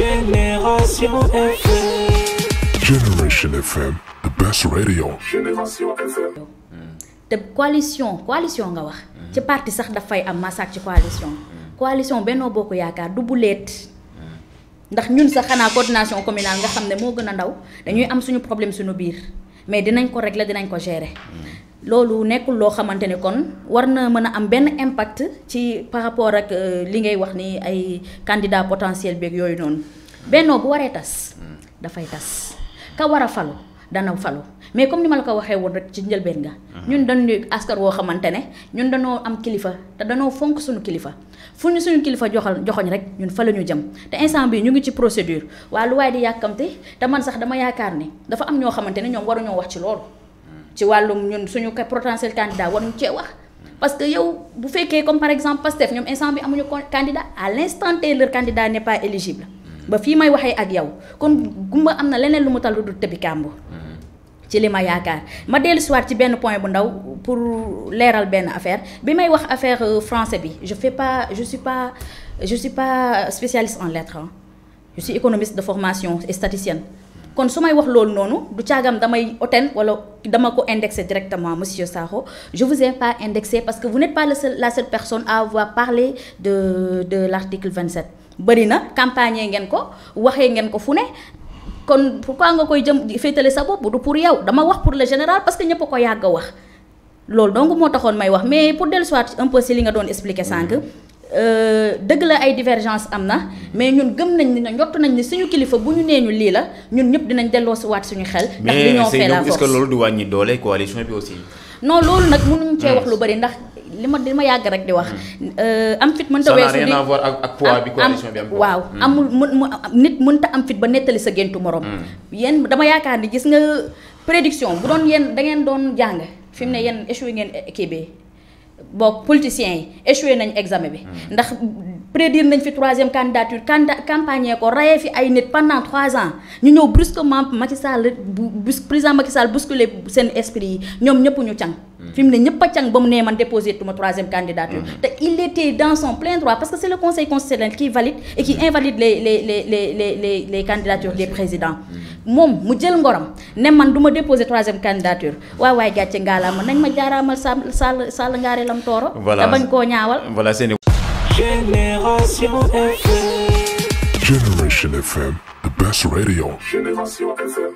Génération FM. Generation FM, the best radio. Génération FM. te coalition coalition nga wax. Mm. ci parti sax fay am massacre ci coalition. Mm. coalition Benno Bokk yakar du bu mm. ndax ñun sax xana coordination communale nga xam mo moo ndaw dañuy am suñu problème suñu biir mais dinañ ko régler dinañ ko gérer loolu nekkul loo xamante ne kon war naa mën a am benn impact ci par rapport ak euh, li ngay wax ni ay candidat potentiel beeg yooyu noonu bennoo bu waree tas dafay tas ka war a falu dana falu mais comme ni ma la ko waxee woon rek ci njëlbeen nga mhm. ñun dañu askar woo xamante ne ñun dañoo am kilifa te danoo fonk suñu kilifa fu ñu suñu kilifa joxal joxoñ rek ñun fa la ñu jëm te instant bi ñu ngi ci procédure waa lu waay di yàkkamte te man sax dama yaakaar ne dafa am ñoo xamante ne ñoom waruñoo wax ci loolu ci walum ñun suñu potentiel candidat waruñu ci wax parce que yow bu féké comme par exemple Pastef ñom instant bi amuñu candidat à l'instant T leur candidat n'est pas éligible ba fi may waxee ak yow kon gumba amna leneen lu mu tal du tebi kambo ci li ma ma dellu siwaat ci benn point bu ndaw pour leeral ben affaire bi may wax affaire euh, français bi je fais pas je suis pas je suis pas spécialiste en lettres hein. je suis économiste de formation et statisticienne kon su wax loolu noonu du tiagam damay oten wala dama ko indexé directement monsieur Sakho je vous ai pas indexé parce que vous n'êtes pas la seule la seule personne à avoir parlé de de l'article 27 bëri na campagne ngeen ko waxee ngeen ko fu kon pourquoi nga koy jëm féetale sa bopp du pour yow dama wax pour le général parce que ñëpp ko yàgg wax loolu donc mo taxone may wax mais pour dellu soit un peu si li nga doon expliquer sànq mm-hmm. Euh, dëgg la ay divergence am na mais ñun gëm nañ ni njott nañ ni suñu kilifa bu ñu nee ñu lii la ñun ñëpp dinañ delloo si waat suñu xel. ndax li ñoo fee la que loolu du wàññi doole coalition bi aussi. non loolu nag mënuñ cee wax hmm. lu bari ndax. li ma li ma yàgg rek di wax. Hmm. Euh, am fit mënta weesu ni ça n'a rien à voir ak poids bi coalition bi am waaw hmm. amul mën mu nit mënta am fit ba nettali sa géntu morom. yéen dama yaakaar ni gis nga prédiction bu doon yéen da ngeen doon jàng fi mu ne yéen échoué ngeen kii Bon, politiciens yi échoué nañ examen bi hmm. ndax prédire nañ fi troisième candidature campagne ko rayé fi ay nit pendant trois ans ñu ñëw brusquement Macky Sall président Macky Sall bousculé sen esprit ñom ñoom ñëpp ñu tiang hmm. fi mu ne ñëpp a càng ba mu nee man déposé tuma troisième candidature hmm. té il était dans son plein droit parce que c'est le conseil constitutionnel qui valide et qui invalide les les les les les les candidatures des présidents moom mu jël ngorom ne man du ma déposer troisième candidature waaw waay gàcce ma nañ ma jaaraamal sàll sàll sàll ngaari lam tooro voilà te bañ koo ñaawal voilà seen Génération FM Generation FM radio